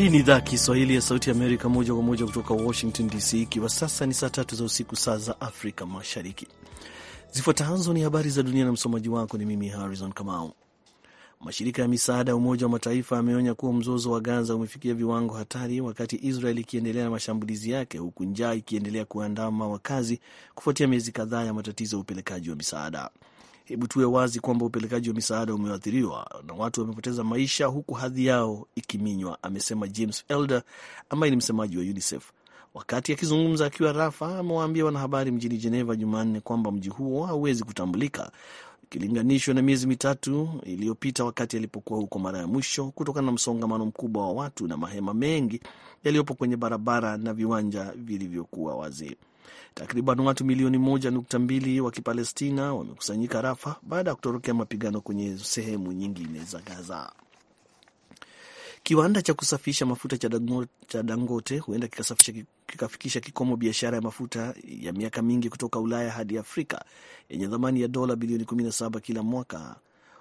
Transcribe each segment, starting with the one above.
Hii ni idhaa Kiswahili ya Sauti ya Amerika, moja kwa moja kutoka Washington DC, ikiwa sasa ni saa tatu za usiku, saa za Afrika Mashariki. Zifuatazo ni habari za dunia na msomaji wako ni mimi Harrison Kamau. Mashirika ya misaada ya Umoja wa Mataifa yameonya kuwa mzozo wa Gaza umefikia viwango hatari, wakati Israel ikiendelea na mashambulizi yake, huku njaa ikiendelea kuandama wakazi kufuatia miezi kadhaa ya matatizo ya upelekaji wa misaada. Hebu tuwe wazi kwamba upelekaji wa misaada umeathiriwa na watu wamepoteza maisha huku hadhi yao ikiminywa, amesema James Elder ambaye ni msemaji wa UNICEF. Wakati akizungumza akiwa Rafa, amewaambia wanahabari mjini Jeneva Jumanne kwamba mji huo hauwezi kutambulika ikilinganishwa na miezi mitatu iliyopita wakati alipokuwa huko mara ya mwisho, kutokana na msongamano mkubwa wa watu na mahema mengi yaliyopo kwenye barabara na viwanja vilivyokuwa wazi. Takriban watu milioni moja nukta mbili wa Kipalestina wamekusanyika Rafa baada ya kutorokea mapigano kwenye sehemu nyingine za Gaza. Kiwanda cha kusafisha mafuta cha Dangote huenda kikafikisha kikomo biashara ya mafuta ya miaka mingi kutoka Ulaya hadi Afrika yenye thamani ya dola bilioni 17 kila mwaka,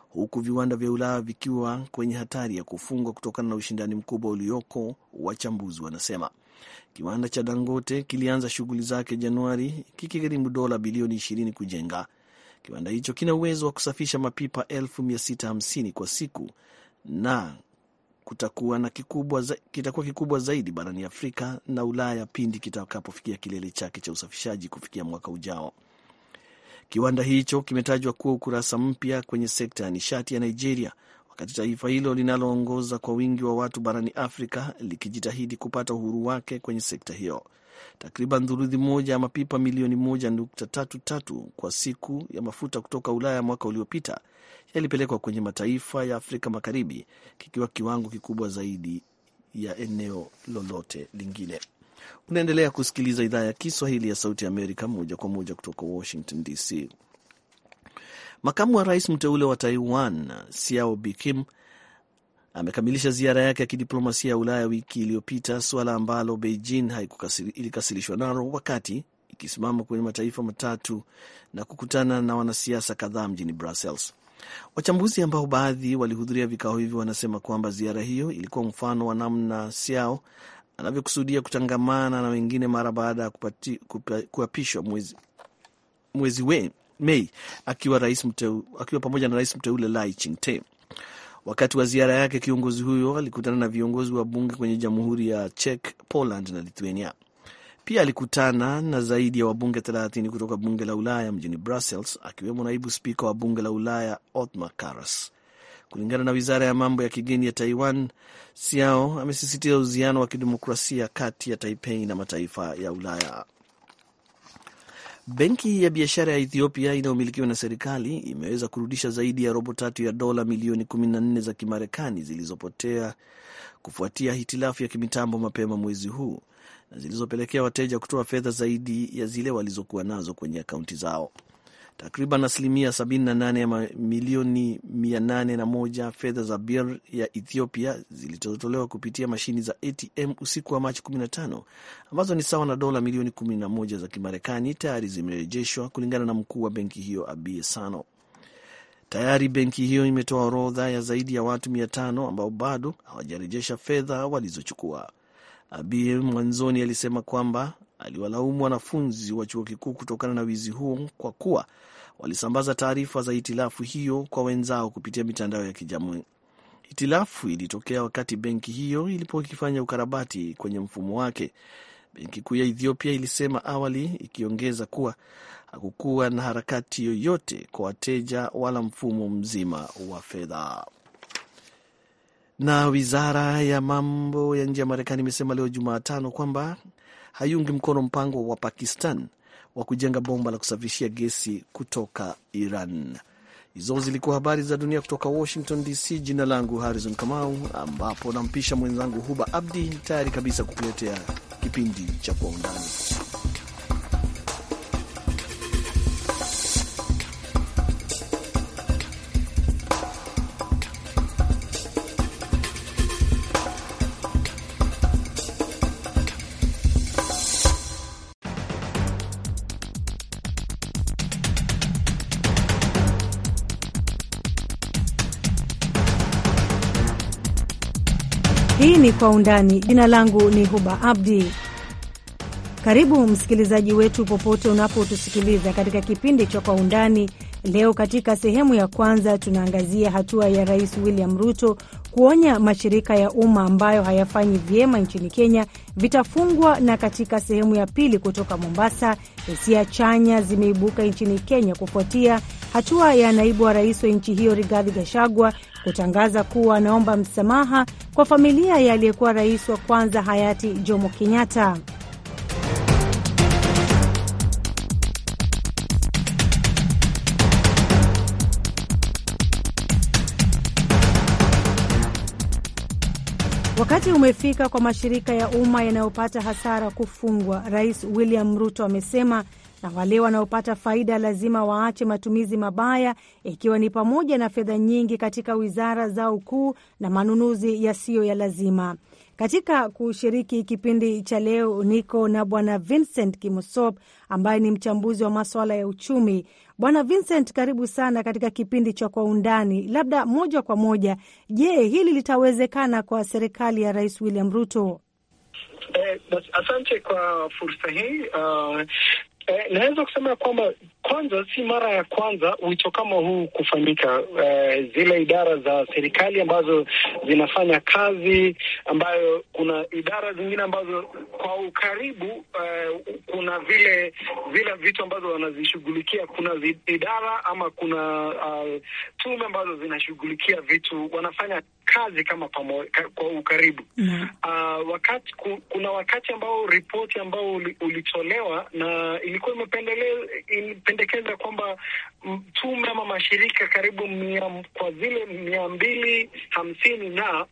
huku viwanda vya Ulaya vikiwa kwenye hatari ya kufungwa kutokana na ushindani mkubwa ulioko, wachambuzi wanasema. Kiwanda cha Dangote kilianza shughuli zake Januari, kikigharimu dola bilioni 20 kujenga. Kiwanda hicho kina uwezo wa kusafisha mapipa 650 kwa siku na kutakuwa na kikubwa za, kitakuwa kikubwa zaidi barani Afrika na Ulaya pindi kitakapofikia kilele chake cha usafishaji kufikia mwaka ujao. Kiwanda hicho kimetajwa kuwa ukurasa mpya kwenye sekta ya nishati ya Nigeria wakati taifa hilo linaloongoza kwa wingi wa watu barani Afrika likijitahidi kupata uhuru wake kwenye sekta hiyo. Takriban dhuruthi moja ya mapipa milioni moja nukta tatu tatu kwa siku ya mafuta kutoka Ulaya mwaka uliopita yalipelekwa kwenye mataifa ya Afrika Magharibi, kikiwa kiwango kikubwa zaidi ya eneo lolote lingine. Unaendelea kusikiliza idhaa ya Kiswahili ya Sauti ya Amerika moja kwa moja kutoka Washington DC. Makamu wa rais mteule wa Taiwan Siao Bikim amekamilisha ziara yake ya kidiplomasia ya Ulaya wiki iliyopita, suala ambalo Beijing ilikasilishwa nalo wakati ikisimama kwenye mataifa matatu na kukutana na wanasiasa kadhaa mjini Brussels. Wachambuzi ambao baadhi walihudhuria vikao hivyo wanasema kwamba ziara hiyo ilikuwa mfano wa namna Siao anavyokusudia kutangamana na wengine mara baada ya kuapishwa mwezi, mwezi we Mei akiwa rais mteu, akiwa pamoja na rais mteule Lai Ching-te. Wakati wa ziara yake, kiongozi huyo alikutana na viongozi wa bunge kwenye jamhuri ya Czech, Poland na Lithuania. Pia alikutana na zaidi ya wabunge 30 kutoka bunge la Ulaya mjini Brussels, akiwemo naibu spika wa bunge la Ulaya Otmar Karas. Kulingana na wizara ya mambo ya kigeni ya Taiwan, Siao amesisitiza uhusiano wa kidemokrasia kati ya Taipei na mataifa ya Ulaya. Benki ya biashara ya Ethiopia inayomilikiwa na serikali imeweza kurudisha zaidi ya robo tatu ya dola milioni 14 za Kimarekani zilizopotea kufuatia hitilafu ya kimitambo mapema mwezi huu na zilizopelekea wateja kutoa fedha zaidi ya zile walizokuwa nazo kwenye akaunti zao. Takriban asilimia 78 ya milioni 801 fedha za birr ya Ethiopia zilizotolewa kupitia mashini za ATM usiku wa Machi 15 ambazo ni sawa na dola milioni 11 za Kimarekani tayari zimerejeshwa, kulingana na mkuu wa benki hiyo Abie Sano. Tayari benki hiyo imetoa orodha ya zaidi ya watu 500 ambao bado hawajarejesha fedha walizochukua. Abie mwanzoni alisema kwamba aliwalaumu wanafunzi wa chuo kikuu kutokana na wizi huo kwa kuwa walisambaza taarifa za hitilafu hiyo kwa wenzao kupitia mitandao ya kijamii. Hitilafu ilitokea wakati benki hiyo ilipokuwa ikifanya ukarabati kwenye mfumo wake. Benki kuu ya Ethiopia ilisema awali, ikiongeza kuwa hakukuwa na harakati yoyote kwa wateja wala mfumo mzima wa fedha. Na wizara ya mambo ya nje ya Marekani imesema leo Jumatano kwamba haiungi mkono mpango wa Pakistan wa kujenga bomba la kusafirishia gesi kutoka Iran. Hizo zilikuwa habari za dunia kutoka Washington DC. Jina langu Harrison Kamau, ambapo nampisha mwenzangu Huba Abdi tayari kabisa kukuletea kipindi cha Kwa Undani. Kwa Undani. Jina langu ni Huba Abdi. Karibu msikilizaji wetu popote unapotusikiliza katika kipindi cha Kwa Undani. Leo katika sehemu ya kwanza tunaangazia hatua ya Rais William Ruto kuonya mashirika ya umma ambayo hayafanyi vyema nchini Kenya vitafungwa, na katika sehemu ya pili kutoka Mombasa, hisia chanya zimeibuka nchini Kenya kufuatia hatua ya naibu wa rais wa nchi hiyo Rigathi Gachagua kutangaza kuwa anaomba msamaha kwa familia ya aliyekuwa rais wa kwanza hayati Jomo Kenyatta. Wakati umefika kwa mashirika ya umma yanayopata hasara kufungwa, Rais William Ruto amesema na wale wanaopata faida lazima waache matumizi mabaya, ikiwa ni pamoja na fedha nyingi katika wizara zao kuu na manunuzi yasiyo ya lazima. Katika kushiriki kipindi cha leo niko na Bwana Vincent Kimosop ambaye ni mchambuzi wa maswala ya uchumi. Bwana Vincent, karibu sana katika kipindi cha Kwa Undani. Labda moja kwa moja, je, hili litawezekana kwa serikali ya Rais William Ruto? Eh, asante kwa fursa hii. Uh, Eh, naweza kusema kwamba kwanza, si mara ya kwanza wito kama huu kufanyika. Eh, zile idara za serikali ambazo zinafanya kazi ambayo kuna idara zingine ambazo kwa ukaribu eh, kuna vile vile vitu ambazo wanazishughulikia, kuna idara ama kuna uh, tume ambazo zinashughulikia vitu wanafanya kazi kama ka, kwa ukaribu mm. Uh, wakati ku, kuna wakati ambao ripoti ambao uli, ulitolewa na ilikuwa imependekeza kwamba tume ama mashirika karibu mia, kwa zile mia mbili hamsini na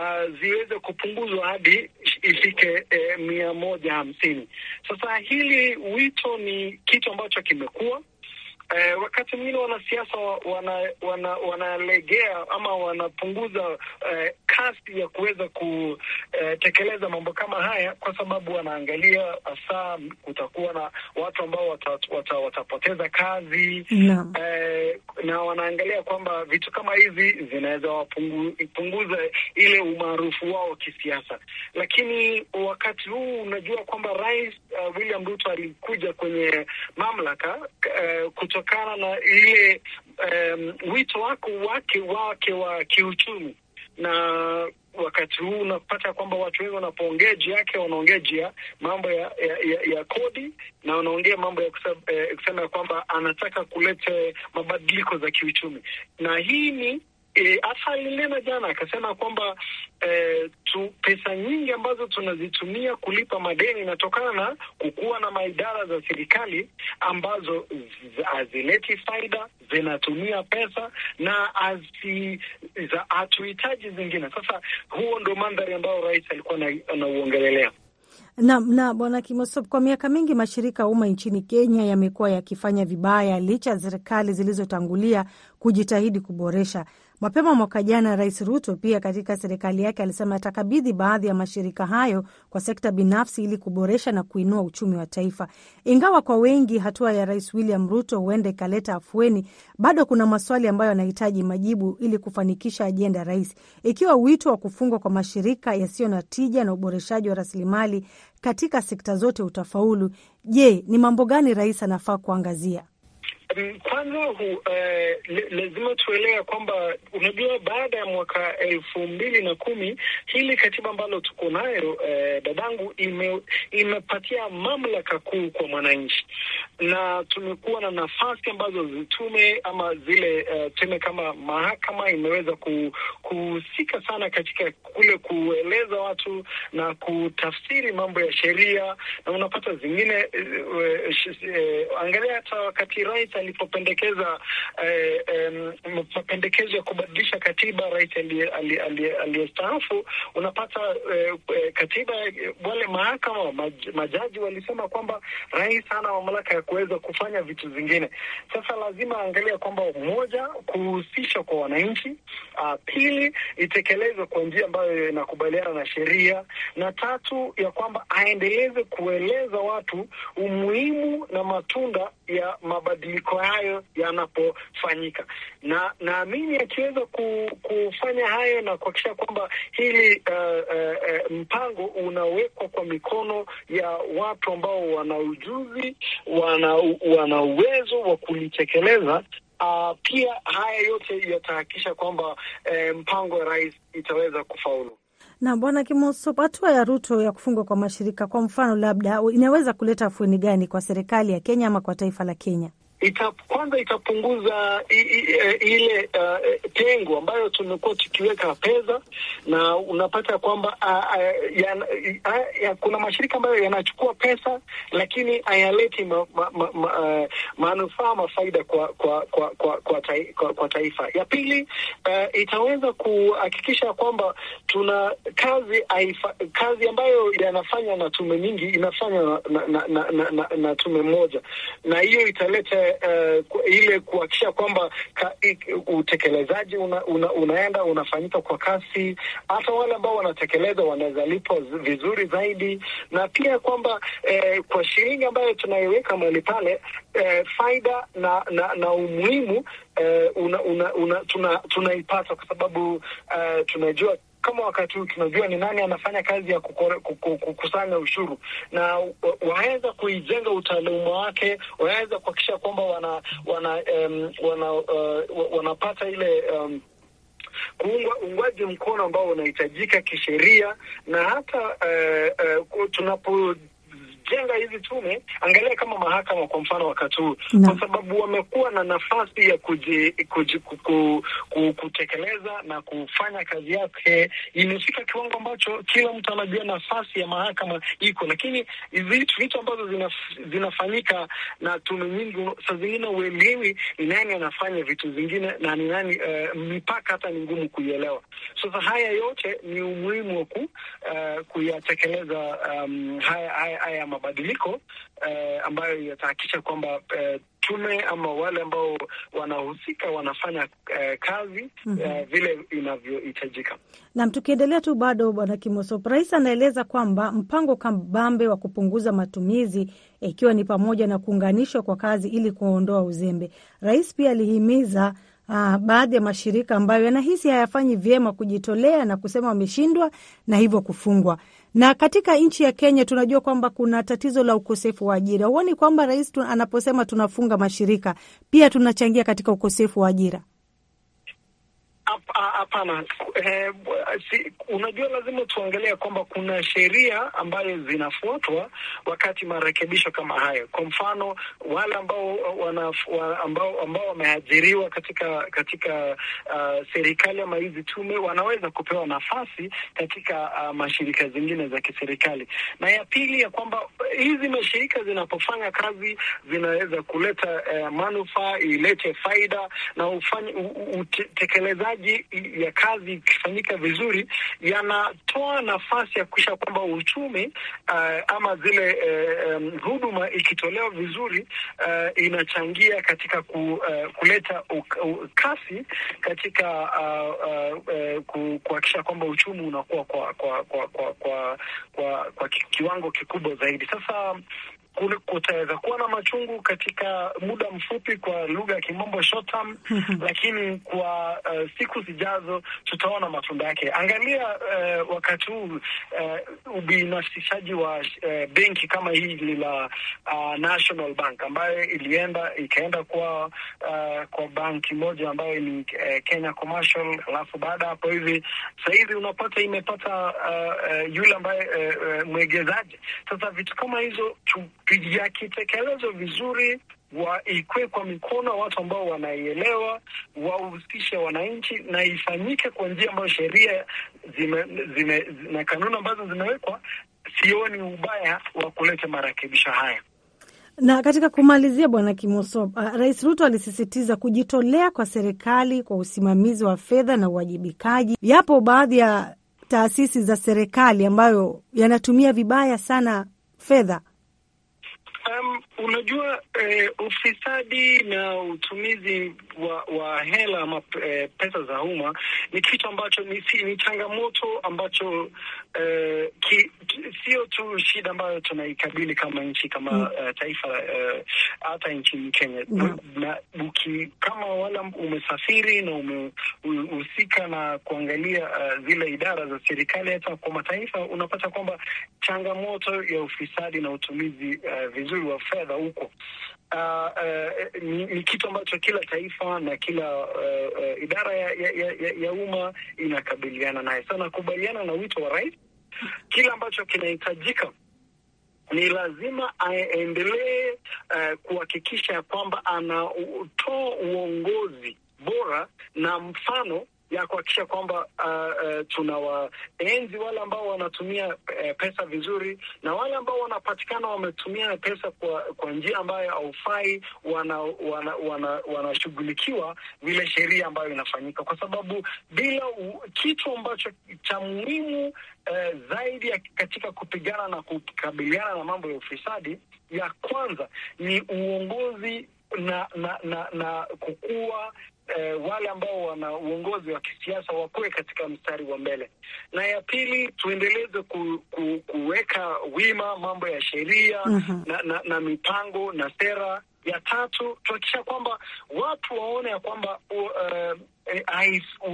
Uh, ziweze kupunguzwa hadi ifike eh, mia moja hamsini. Sasa hili wito ni kitu ambacho kimekuwa Eh, wakati mwingine wanasiasa wanalegea wana, wana ama wanapunguza eh, kasi ya kuweza kutekeleza eh, mambo kama haya, kwa sababu wanaangalia hasa kutakuwa na watu ambao watapoteza wata, wata kazi no. Eh, na wanaangalia kwamba vitu kama hizi zinaweza wapunguza ile umaarufu wao kisiasa, lakini wakati huu unajua kwamba Rais uh, William Ruto alikuja kwenye mamlaka uh, kutokana na ile um, wito wako wake wake wa kiuchumi, na wakati huu unapata kwamba watu wengi wanapoongea juu yake wanaongea juu ya mambo ya, ya, ya kodi na wanaongea mambo ya eh, kusema eh, ya kwamba anataka kuleta mabadiliko za kiuchumi, na hii ni e, alinena jana akasema kwamba e, tu, pesa nyingi ambazo tunazitumia kulipa madeni inatokana na kukuwa na maidara za serikali ambazo hazileti faida, zinatumia pesa na hatuhitaji zingine. Sasa huo ndo mandhari ambayo rais alikuwa anauongelelea. Na, na Bwana Kimosop, kwa miaka mingi mashirika ya umma nchini Kenya yamekuwa yakifanya vibaya licha ya serikali zilizotangulia kujitahidi kuboresha. Mapema mwaka jana, Rais Ruto pia katika serikali yake alisema atakabidhi baadhi ya mashirika hayo kwa sekta binafsi ili kuboresha na kuinua uchumi wa taifa. Ingawa kwa wengi hatua ya Rais William Ruto huenda ikaleta afueni, bado kuna maswali ambayo yanahitaji majibu ili kufanikisha ajenda rais, ikiwa wito wa kufungwa kwa mashirika yasiyo na tija na uboreshaji wa rasilimali katika sekta zote utafaulu. Je, ni mambo gani rais anafaa kuangazia? Mm, kwanza hu, eh, lazima tuelewe kwamba unajua, baada ya mwaka elfu mbili na kumi hili katiba ambalo tuko nayo eh, dadangu, ime, imepatia mamlaka kuu kwa mwananchi, na tumekuwa na nafasi ambazo zitume ama zile eh, tume kama mahakama imeweza kuhusika sana katika kule kueleza watu na kutafsiri mambo ya sheria, na unapata zingine eh, eh, eh angalia hata wakati rais hasa alipopendekeza eh, eh, mapendekezo ya kubadilisha katiba, rais aliyestaafu, unapata eh, eh, katiba, wale mahakama maj, majaji walisema kwamba rais hana mamlaka ya kuweza kufanya vitu zingine. Sasa lazima angalia kwamba moja, kuhusisha kwa wananchi; ah, pili, itekelezwe kwa njia ambayo inakubaliana na sheria, na tatu, ya kwamba aendeleze kueleza watu umuhimu na matunda ya mabadiliko mabadiliko hayo yanapofanyika, na naamini akiweza ku, kufanya hayo na kuhakikisha kwamba hili uh, uh, uh, mpango unawekwa kwa mikono ya watu ambao wana ujuzi, wana wana uwezo wa kulitekeleza. Uh, pia haya yote yatahakikisha kwamba eh, mpango wa rais itaweza kufaulu. Na Bwana Kimoso, hatua ya Ruto ya kufungwa kwa mashirika kwa mfano labda inaweza kuleta afueni gani kwa serikali ya Kenya ama kwa taifa la Kenya? ita, kwanza itapunguza i, i, i, e, ile uh, e, pengo ambayo tumekuwa tukiweka pesa, na unapata kwamba uh, uh, ya, uh, ya, kuna mashirika ambayo yanachukua pesa lakini hayaleti ma, ma, ma, ma, uh, manufaa mafaida kwa kwa kwa, kwa, kwa, tai, kwa, kwa taifa. Ya pili uh, itaweza kuhakikisha kwamba tuna kazi haifa, kazi ambayo yanafanywa na tume nyingi inafanywa na, na, na, na, na, na tume moja, na hiyo italeta ile uh, eh, ile kuhakikisha kwamba utekelezaji una, una, unaenda unafanyika kwa kasi, hata wale ambao wanatekeleza wanaweza lipwa vizuri zaidi, na pia kwamba eh, kwa shilingi ambayo tunaiweka mahali pale eh, faida na, na, na umuhimu eh, una, una, una, tunaipata tuna kwa sababu eh, tunajua kama wakati huu tunajua ni nani anafanya kazi ya kukusanya ushuru, na waweza kuijenga utaaluma wake, waweza kuhakikisha kwamba wana wana um, wana uh, wanapata ile um, uungwaji mkono ambao unahitajika kisheria na hata uh, uh, tunapo kujenga hizi tume, angalia kama mahakama kwa mfano wakati huu, no. kwa sababu wamekuwa na nafasi ya kuji, kuji, kuku, kuku, kutekeleza na kufanya kazi yake, imefika kiwango ambacho kila mtu anajua nafasi ya mahakama iko, lakini vitu ambazo zina, zinafanyika na tume nyingi, saa zingine uelewi ni nani anafanya vitu zingine na ni nani uh, mipaka hata ni ngumu kuielewa. Sasa haya yote ni umuhimu wa ku, uh, kuyatekeleza um, haya, haya, haya mabadiliko eh, ambayo yatahakikisha kwamba eh, tume ama wale ambao wanahusika wanafanya eh, kazi mm -hmm. eh, vile inavyohitajika. Nam, tukiendelea tu bado, Bwana Kimosop, Rais anaeleza kwamba mpango kabambe wa kupunguza matumizi ikiwa ni pamoja na kuunganishwa kwa kazi ili kuondoa uzembe. Rais pia alihimiza Ah, baadhi ya mashirika ambayo yanahisi hayafanyi vyema kujitolea na kusema wameshindwa na hivyo kufungwa na katika nchi ya Kenya tunajua kwamba kuna tatizo la ukosefu wa ajira. Huoni kwamba rais anaposema tunafunga mashirika, pia tunachangia katika ukosefu wa ajira? Hapana, eh, si, unajua lazima tuangalia kwamba kuna sheria ambayo zinafuatwa wakati marekebisho kama hayo. Kwa mfano wale ambao ambao ambao wameajiriwa katika katika uh, serikali ama hizi tume wanaweza kupewa nafasi katika uh, mashirika zingine za kiserikali, na ya pili ya kwamba eh, hizi mashirika zinapofanya kazi zinaweza kuleta uh, manufaa, ilete faida na utekelezaji mahitaji ya kazi ikifanyika vizuri, yanatoa nafasi ya kuisha kwamba uchumi uh, ama zile uh, huduma ikitolewa vizuri uh, inachangia katika ku, uh, kuleta kasi katika uh, uh, uh, kuhakikisha kwamba uchumi unakuwa kwa kwa kwa kwa kwa, kwa, kwa kiwango kikubwa zaidi. Sasa kutaweza kuwa na machungu katika muda mfupi, kwa lugha ya kimombo short term, lakini kwa uh, siku zijazo tutaona matunda yake. Angalia uh, wakati huu uh, ubinafsishaji wa uh, benki kama hili la uh, National Bank ambayo ilienda ikaenda kwa uh, kwa banki moja ambayo ni uh, Kenya Commercial, alafu baada ya hapo hivi sahizi unapata imepata uh, uh, yule ambaye uh, uh, mwegezaji. Sasa vitu kama hizo yakitekelezwa vizuri waikwe kwa mikono watu ambao wanaielewa, wahusishe wananchi na ifanyike kwa njia ambayo sheria zime, zime, na kanuni ambazo zimewekwa. Sioni ubaya wa kuleta marekebisho haya. Na katika kumalizia, Bwana Kimoso, uh, Rais Ruto alisisitiza kujitolea kwa serikali kwa usimamizi wa fedha na uwajibikaji. Yapo baadhi ya taasisi za serikali ambayo yanatumia vibaya sana fedha Um, unajua eh, ufisadi na utumizi wa, wa hela ama eh, pesa za umma ni kitu ambacho ni, ni changamoto ambacho eh, sio tu shida ambayo tunaikabili kama nchi kama mm. uh, taifa eh, hata uh, nchini Kenya mm. na, na, kama wala umesafiri na umehusika na kuangalia uh, zile idara za serikali hata kwa mataifa, unapata kwamba changamoto ya ufisadi na utumizi uh, vizuri wa fedha huko Uh, uh, ni, ni kitu ambacho kila taifa na kila uh, uh, idara ya, ya, ya, ya umma inakabiliana naye. Sasa nakubaliana na wito wa rais, kile ambacho kinahitajika ni lazima aendelee uh, kuhakikisha ya kwamba anatoa uongozi bora na mfano ya kuhakikisha kwamba uh, uh, waenzi wale ambao wanatumia uh, pesa vizuri na wale ambao wanapatikana wametumia pesa kwa, kwa njia ambayo haufai, wanashughulikiwa wana, wana, wana vile sheria ambayo inafanyika, kwa sababu bila u, kitu ambacho cha muhimu uh, zaidi ya katika kupigana na kukabiliana na mambo ya ufisadi, ya kwanza ni uongozi na na na, na kukua eh, wale ambao wana uongozi wa kisiasa wakuwe katika mstari wa mbele, na ya pili tuendeleze ku, ku, kuweka wima mambo ya sheria mm -hmm. na, na, na mipango na sera ya tatu tuhakikisha kwamba watu waone ya kwamba uh,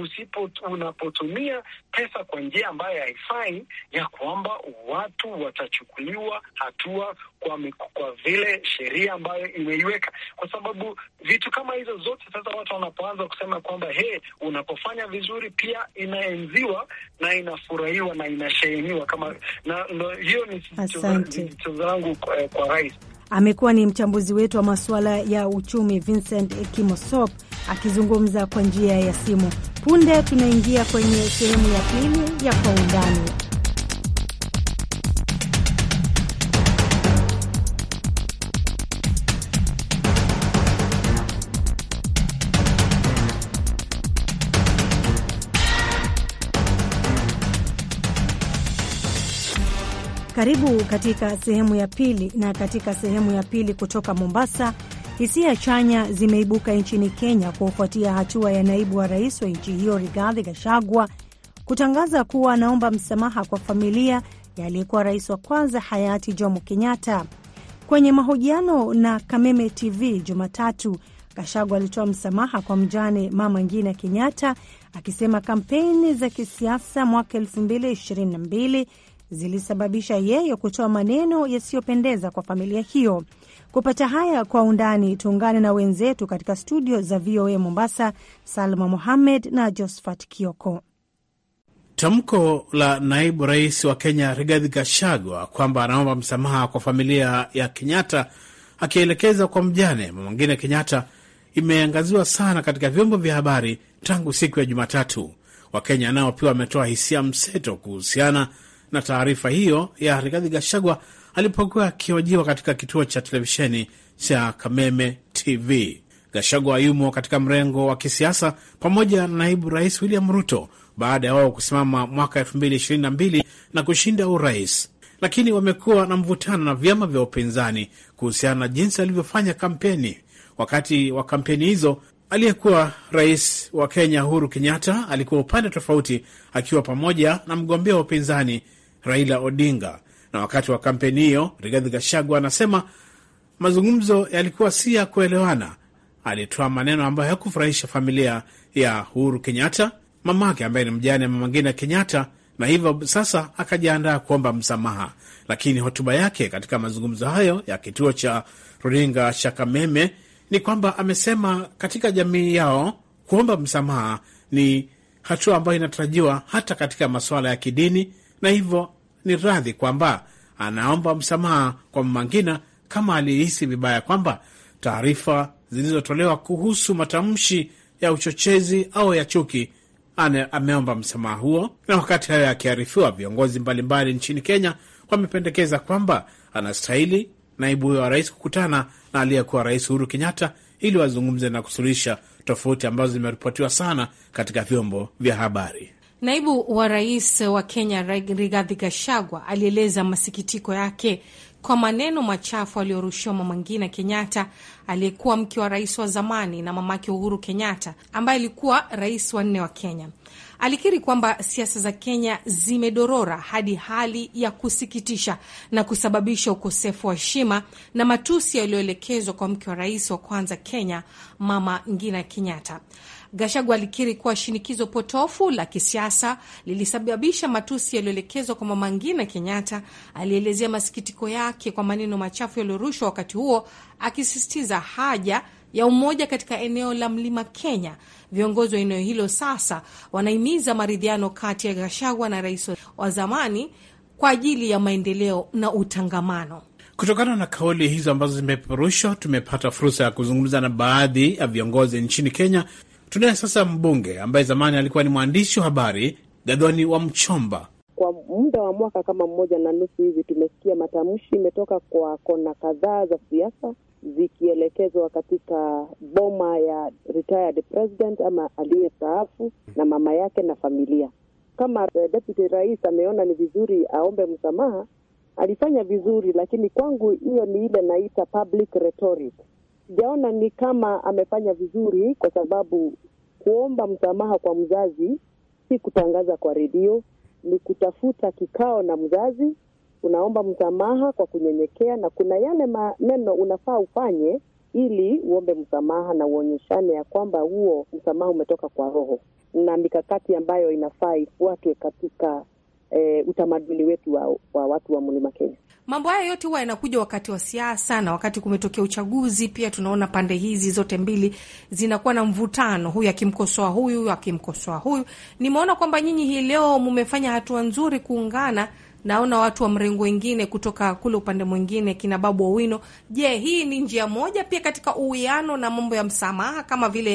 usipo unapotumia pesa kwa njia ambayo haifai, ya kwamba watu watachukuliwa hatua kwa, kwa vile sheria ambayo imeiweka, kwa sababu vitu kama hizo zote sasa watu wanapoanza kusema kwamba he, unapofanya vizuri pia inaenziwa na inafurahiwa na inasheheniwa kama na, no, hiyo ni chanzo langu kwa, eh, kwa rais. Amekuwa ni mchambuzi wetu wa masuala ya uchumi Vincent Kimosop akizungumza kwa njia ya simu. Punde tunaingia kwenye sehemu ya pili ya Kwa Undani. Karibu katika sehemu ya pili. Na katika sehemu ya pili kutoka Mombasa, hisia chanya zimeibuka nchini Kenya kufuatia hatua ya naibu wa rais wa nchi hiyo Rigathi Gachagua kutangaza kuwa anaomba msamaha kwa familia ya aliyekuwa rais wa kwanza hayati Jomo Kenyatta. Kwenye mahojiano na Kameme TV Jumatatu, Gachagua alitoa msamaha kwa mjane Mama Ngina Kenyatta akisema kampeni za kisiasa mwaka 2022 zilisababisha yeye kutoa maneno yasiyopendeza kwa familia hiyo. Kupata haya kwa undani, tuungane na wenzetu katika studio za VOA Mombasa, Salma Mohamed na Josphat Kioko. Tamko la naibu rais wa Kenya Rigathi Gachagua kwamba anaomba msamaha kwa familia ya Kenyatta akielekeza kwa mjane mwingine Kenyatta imeangaziwa sana katika vyombo vya habari tangu siku ya Jumatatu. Wakenya nao pia wametoa hisia mseto kuhusiana na taarifa hiyo ya Rigathi Gachagua alipokuwa akiojiwa katika kituo cha televisheni cha Kameme TV. Gachagua yumo katika mrengo wa kisiasa pamoja na naibu rais William Ruto baada ya wao kusimama mwaka 2022 na kushinda urais, lakini wamekuwa na mvutano na vyama vya upinzani kuhusiana na jinsi alivyofanya kampeni. Wakati wa kampeni hizo aliyekuwa rais wa Kenya Uhuru Kenyatta alikuwa upande tofauti, akiwa pamoja na mgombea wa upinzani Raila Odinga. Na wakati wa kampeni hiyo, Rigathi Gachagua anasema mazungumzo yalikuwa si ya kuelewana. Alitoa maneno ambayo hayakufurahisha familia ya Uhuru Kenyatta, mamake ambaye ni mjane mama Ngina Kenyatta, na hivyo sasa akajiandaa kuomba msamaha. Lakini hotuba yake katika mazungumzo hayo ya kituo cha runinga cha Kameme ni kwamba amesema katika jamii yao kuomba msamaha ni hatua ambayo inatarajiwa hata katika masuala ya kidini na hivyo ni radhi kwamba anaomba msamaha kwa mmangina kama alihisi vibaya kwamba taarifa zilizotolewa kuhusu matamshi ya uchochezi au ya chuki ane, ameomba msamaha huo. Na wakati hayo akiarifiwa, viongozi mbalimbali nchini Kenya wamependekeza kwamba anastahili naibu huyo wa rais kukutana na aliyekuwa rais Uhuru Kenyatta ili wazungumze na kusuluhisha tofauti ambazo zimeripotiwa sana katika vyombo vya habari. Naibu wa rais wa Kenya Rigathi Gachagua alieleza masikitiko yake kwa maneno machafu aliyorushiwa Mama Ngina Kenyatta, aliyekuwa mke wa rais wa zamani na mamake Uhuru Kenyatta, ambaye alikuwa rais wa nne wa Kenya. Alikiri kwamba siasa za Kenya zimedorora hadi hali ya kusikitisha na kusababisha ukosefu wa heshima na matusi yaliyoelekezwa kwa mke wa rais wa kwanza Kenya, Mama Ngina Kenyatta. Gashagu alikiri kuwa shinikizo potofu la kisiasa lilisababisha matusi yaliyoelekezwa kwa Mama Ngina Kenyatta. Alielezea masikitiko yake kwa maneno machafu yaliyorushwa wakati huo, akisisitiza haja ya umoja katika eneo la Mlima Kenya. Viongozi wa eneo hilo sasa wanahimiza maridhiano kati ya gashagwa na rais wa zamani kwa ajili ya maendeleo na utangamano. Kutokana na kauli hizo ambazo zimepeperushwa, tumepata fursa ya kuzungumza na baadhi ya viongozi nchini Kenya Tunaye sasa mbunge ambaye zamani alikuwa ni mwandishi wa habari Gadhoni wa Mchomba. Kwa muda wa mwaka kama mmoja na nusu hivi, tumesikia matamshi imetoka kwa kona kadhaa za siasa zikielekezwa katika boma ya retired president ama aliyestaafu na mama yake na familia. Kama eh, deputy rais ameona ni vizuri aombe msamaha, alifanya vizuri, lakini kwangu hiyo ni ile naita public rhetoric sijaona ni kama amefanya vizuri, kwa sababu kuomba msamaha kwa mzazi si kutangaza kwa redio, ni kutafuta kikao na mzazi, unaomba msamaha kwa kunyenyekea, na kuna yale maneno unafaa ufanye ili uombe msamaha na uonyeshane ya kwamba huo msamaha umetoka kwa roho, na mikakati ambayo inafaa ifuatwe katika e, utamaduni wetu wa, wa watu wa Mlima Kenya. Mambo haya yote huwa yanakuja wakati wa siasa na wakati kumetokea uchaguzi. Pia tunaona pande hizi zote mbili zinakuwa na mvutano, huyu akimkosoa huyu, huyu akimkosoa huyu. Nimeona kwamba nyinyi hii leo mmefanya hatua nzuri kuungana naona watu wa mrengo wengine kutoka kule upande mwingine kina Babu Owino. Je, hii ni njia moja pia katika uwiano na mambo ya msamaha kama vile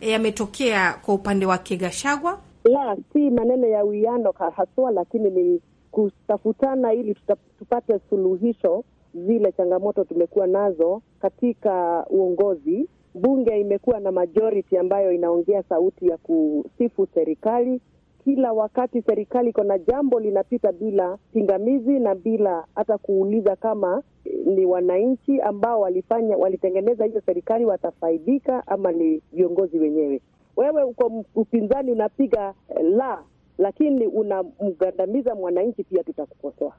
eh, yametokea kwa upande wake Gashagwa? La, si maneno ya uwiano haswa, lakini ni kutafutana ili tupate suluhisho zile changamoto tumekuwa nazo katika uongozi. Bunge imekuwa na majority ambayo inaongea sauti ya kusifu serikali. Kila wakati serikali iko na jambo linapita bila pingamizi na bila hata kuuliza kama eh, ni wananchi ambao walifanya walitengeneza hiyo serikali watafaidika ama ni viongozi wenyewe. Wewe uko upinzani unapiga eh, la lakini unamgandamiza mwananchi, pia tutakukosoa.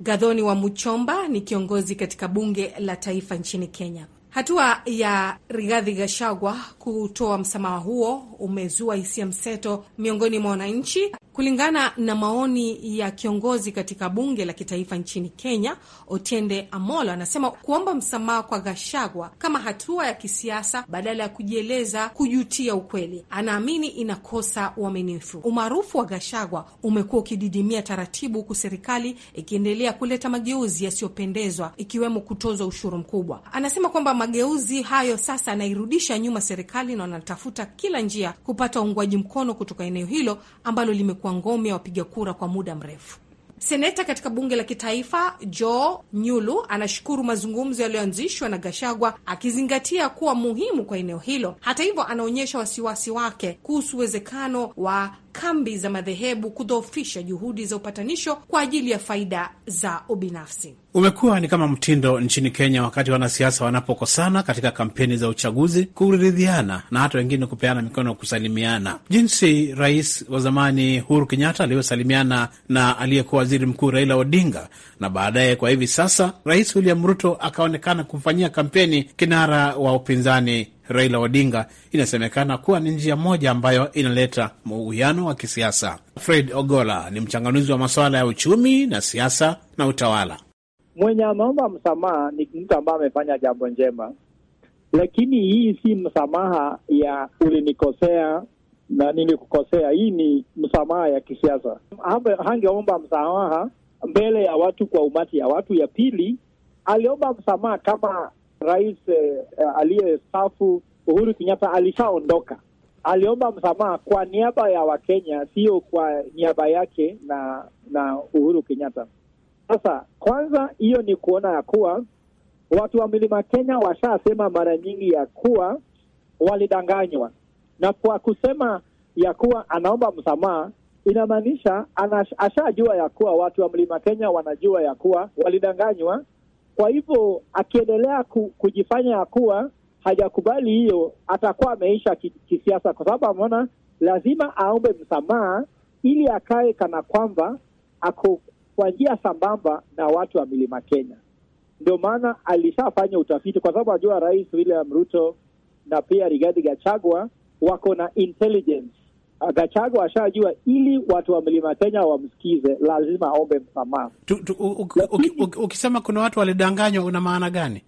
gadhoni wa Muchomba ni kiongozi katika bunge la taifa nchini Kenya. Hatua ya Rigathi Gachagua kutoa msamaha huo umezua hisia mseto miongoni mwa wananchi. Kulingana na maoni ya kiongozi katika bunge la kitaifa nchini Kenya, Otiende Amolo anasema kuomba msamaha kwa Gashagwa kama hatua ya kisiasa badala ya kujieleza kujutia ukweli, anaamini inakosa uaminifu. Umaarufu wa Gashagwa umekuwa ukididimia taratibu, huku serikali ikiendelea kuleta mageuzi yasiyopendezwa, ikiwemo kutozwa ushuru mkubwa. Anasema kwamba mageuzi hayo sasa anairudisha nyuma serikali na wanatafuta kila njia kupata uungwaji mkono kutoka eneo hilo ambalo limekuwa kwa ngome ya wapiga kura kwa muda mrefu. Seneta katika bunge la kitaifa Joe Nyulu anashukuru mazungumzo yaliyoanzishwa na Gashagwa akizingatia kuwa muhimu kwa eneo hilo. Hata hivyo, anaonyesha wasiwasi wake kuhusu uwezekano wa kambi za madhehebu kudhoofisha juhudi za upatanisho kwa ajili ya faida za ubinafsi. Umekuwa ni kama mtindo nchini Kenya wakati wanasiasa wanapokosana katika kampeni za uchaguzi kuridhiana na hata wengine kupeana mikono kusalimiana, jinsi rais wa zamani Uhuru Kenyatta aliyosalimiana na aliyekuwa waziri mkuu Raila Odinga, na baadaye kwa hivi sasa Rais William Ruto akaonekana kumfanyia kampeni kinara wa upinzani Raila Odinga inasemekana kuwa ni njia moja ambayo inaleta muuwiano wa kisiasa. Fred Ogola ni mchanganuzi wa masuala ya uchumi na siasa na utawala. Mwenye ameomba msamaha ni mtu ambaye amefanya jambo njema, lakini hii si msamaha ya ulinikosea na nilikukosea. Hii ni msamaha ya kisiasa. Hangeomba msamaha mbele ya watu kwa umati ya watu. Ya pili, aliomba msamaha kama rais eh, aliyestafu Uhuru Kenyatta alishaondoka, aliomba msamaha kwa niaba ya Wakenya, sio kwa niaba yake na na Uhuru Kenyatta. Sasa kwanza, hiyo ni kuona ya kuwa watu wa Mlima Kenya washasema mara nyingi ya kuwa walidanganywa, na kwa kusema ya kuwa anaomba msamaha inamaanisha ashajua ya kuwa watu wa Mlima Kenya wanajua ya kuwa walidanganywa kwa hivyo akiendelea ku, kujifanya ya kuwa hajakubali hiyo, atakuwa ameisha kisiasa, kwa sababu ameona lazima aombe msamaha ili akae kana kwamba ako kwa njia sambamba na watu wa milima Kenya. Ndio maana alishafanya utafiti, kwa sababu ajua Rais William Ruto na pia Rigathi Gachagua wako na intelligence Ah, Gachagua ashajua, ili watu wa mlima Kenya wamsikize lazima aombe msamaha. Ukisema kuna watu walidanganywa, una maana gani?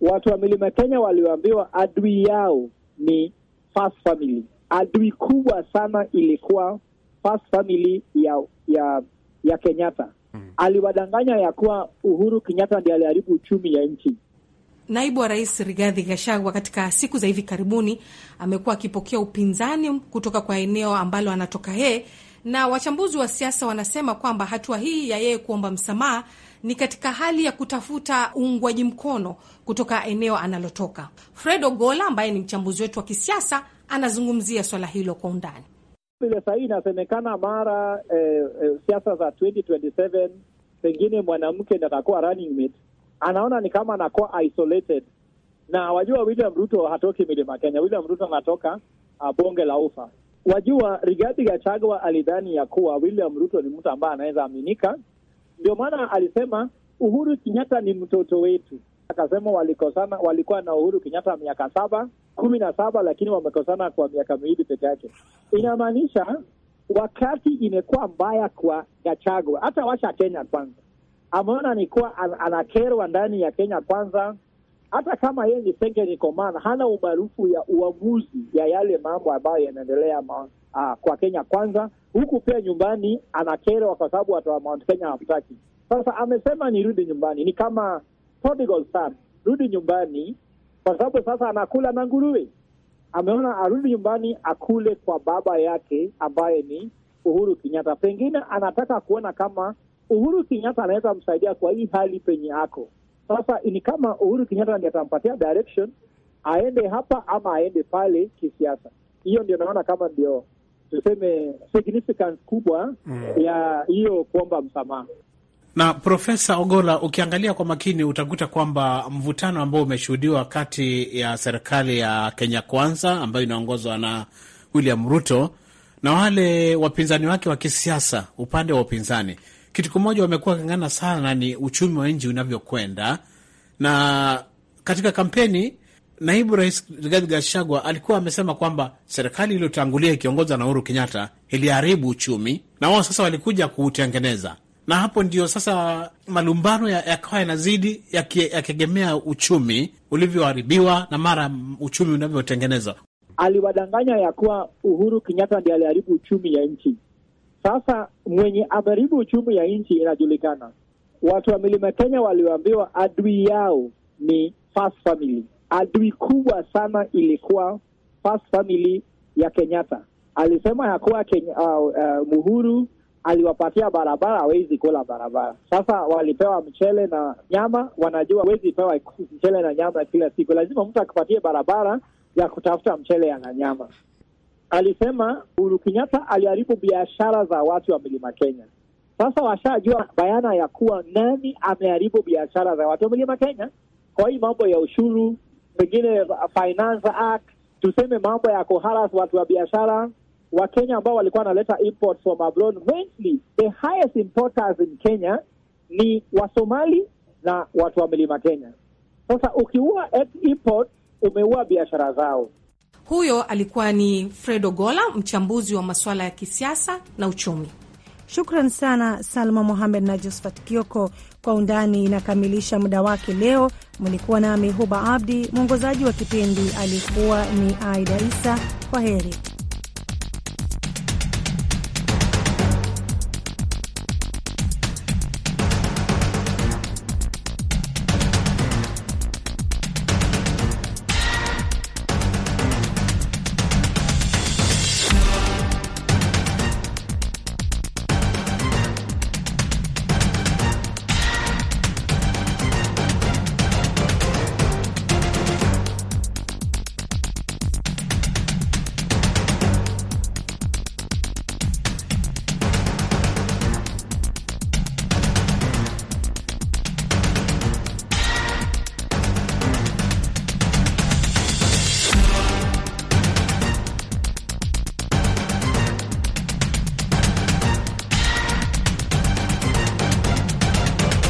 Watu wa mlima Kenya walioambiwa adui yao ni First Family. Adui kubwa sana ilikuwa First Family ya ya ya Kenyatta. Hmm, Aliwadanganya ya kuwa Uhuru Kenyatta ndiye aliharibu uchumi ya nchi. Naibu wa Rais Rigathi Gachagua katika siku za hivi karibuni amekuwa akipokea upinzani kutoka kwa eneo ambalo anatoka yeye, na wachambuzi wa siasa wanasema kwamba hatua hii ya yeye kuomba msamaha ni katika hali ya kutafuta uungwaji mkono kutoka eneo analotoka. Fred Ogola ambaye ni mchambuzi wetu wa kisiasa anazungumzia swala hilo kwa undani. Vile sahii inasemekana mara eh, eh, siasa za 2027 pengine mwanamke natakuwa running mate anaona ni kama anakuwa isolated, na wajua William Ruto hatoki milima Kenya. William Ruto anatoka uh, bonge la ufa. Wajua Rigathi Gachagua alidhani ya kuwa William Ruto ni mtu ambaye anaweza aminika, ndio maana alisema Uhuru Kenyatta ni mtoto wetu. Akasema walikosana, walikuwa na Uhuru Kenyatta miaka saba kumi na saba, lakini wamekosana kwa miaka miwili peke yake. Inamaanisha wakati imekuwa mbaya kwa Gachagua, hata washa Kenya kwanza ameona ni kuwa anakerwa ndani ya Kenya Kwanza, hata kama yeye ni second in command, hana umaarufu ya uamuzi ya yale mambo ambayo yanaendelea ah, kwa Kenya Kwanza, huku pia nyumbani anakerwa kwa sababu watu wa Mount Kenya hawamtaki. Sasa amesema nirudi nyumbani, ni kama prodigal son, rudi nyumbani kwa sababu sasa anakula na nguruwe. Ameona arudi nyumbani akule kwa baba yake ambaye ni Uhuru Kenyatta. Pengine anataka kuona kama Uhuru Kenyatta anaweza msaidia kwa hii hali penye ako sasa. Ni kama Uhuru Kenyatta ndiye atampatia direction aende hapa ama aende pale kisiasa. Hiyo ndio naona kama ndio tuseme significance kubwa mm, ya hiyo kuomba msamaha. Na Profesa Ogola, ukiangalia kwa makini utakuta kwamba mvutano ambao umeshuhudiwa kati ya serikali ya Kenya Kwanza ambayo inaongozwa na William Ruto na wale wapinzani wake wa kisiasa, upande wa upinzani kitu kimoja wamekuwa waking'ana sana ni uchumi wa nchi unavyokwenda. Na katika kampeni, naibu rais Rigathi Gachagua alikuwa amesema kwamba serikali iliyotangulia ikiongozwa na Uhuru Kenyatta iliharibu uchumi na wao sasa walikuja kuutengeneza, na hapo ndio sasa malumbano yakawa ya yanazidi yakiegemea ya uchumi ulivyoharibiwa na mara uchumi unavyotengenezwa. Aliwadanganya ya kuwa Uhuru Kenyatta ndiye aliharibu uchumi ya nchi sasa mwenye ameharibu uchumi ya nchi inajulikana. Watu wa milima Kenya walioambiwa adui yao ni First Family. Adui kubwa sana ilikuwa First Family ya Kenyatta. Alisema ya kuwa Kenya, uh, uh, Muhuru aliwapatia barabara, hawezi kula barabara. Sasa walipewa mchele na nyama, wanajua wezi pewa mchele na nyama kila siku, lazima mtu akupatie barabara ya kutafuta mchele na nyama alisema Uhuru Kenyatta aliharibu biashara za watu wa Mlima Kenya. Sasa washajua bayana ya kuwa nani ameharibu biashara za watu wa Mlima Kenya kwa hii mambo ya ushuru, pengine Finance Act, tuseme mambo ya kuharas watu wa biashara Wakenya ambao walikuwa wanaleta imports from abroad. Mainly the highest importers in Kenya ni Wasomali na watu wa Mlima Kenya. Sasa ukiua export, umeua biashara zao. Huyo alikuwa ni Fredo Gola, mchambuzi wa masuala ya kisiasa na uchumi. Shukran sana Salma Mohamed na Josphat Kioko. Kwa Undani inakamilisha muda wake leo. Mlikuwa nami Huba Abdi, mwongozaji wa kipindi alikuwa ni Aida Isa. Kwa heri.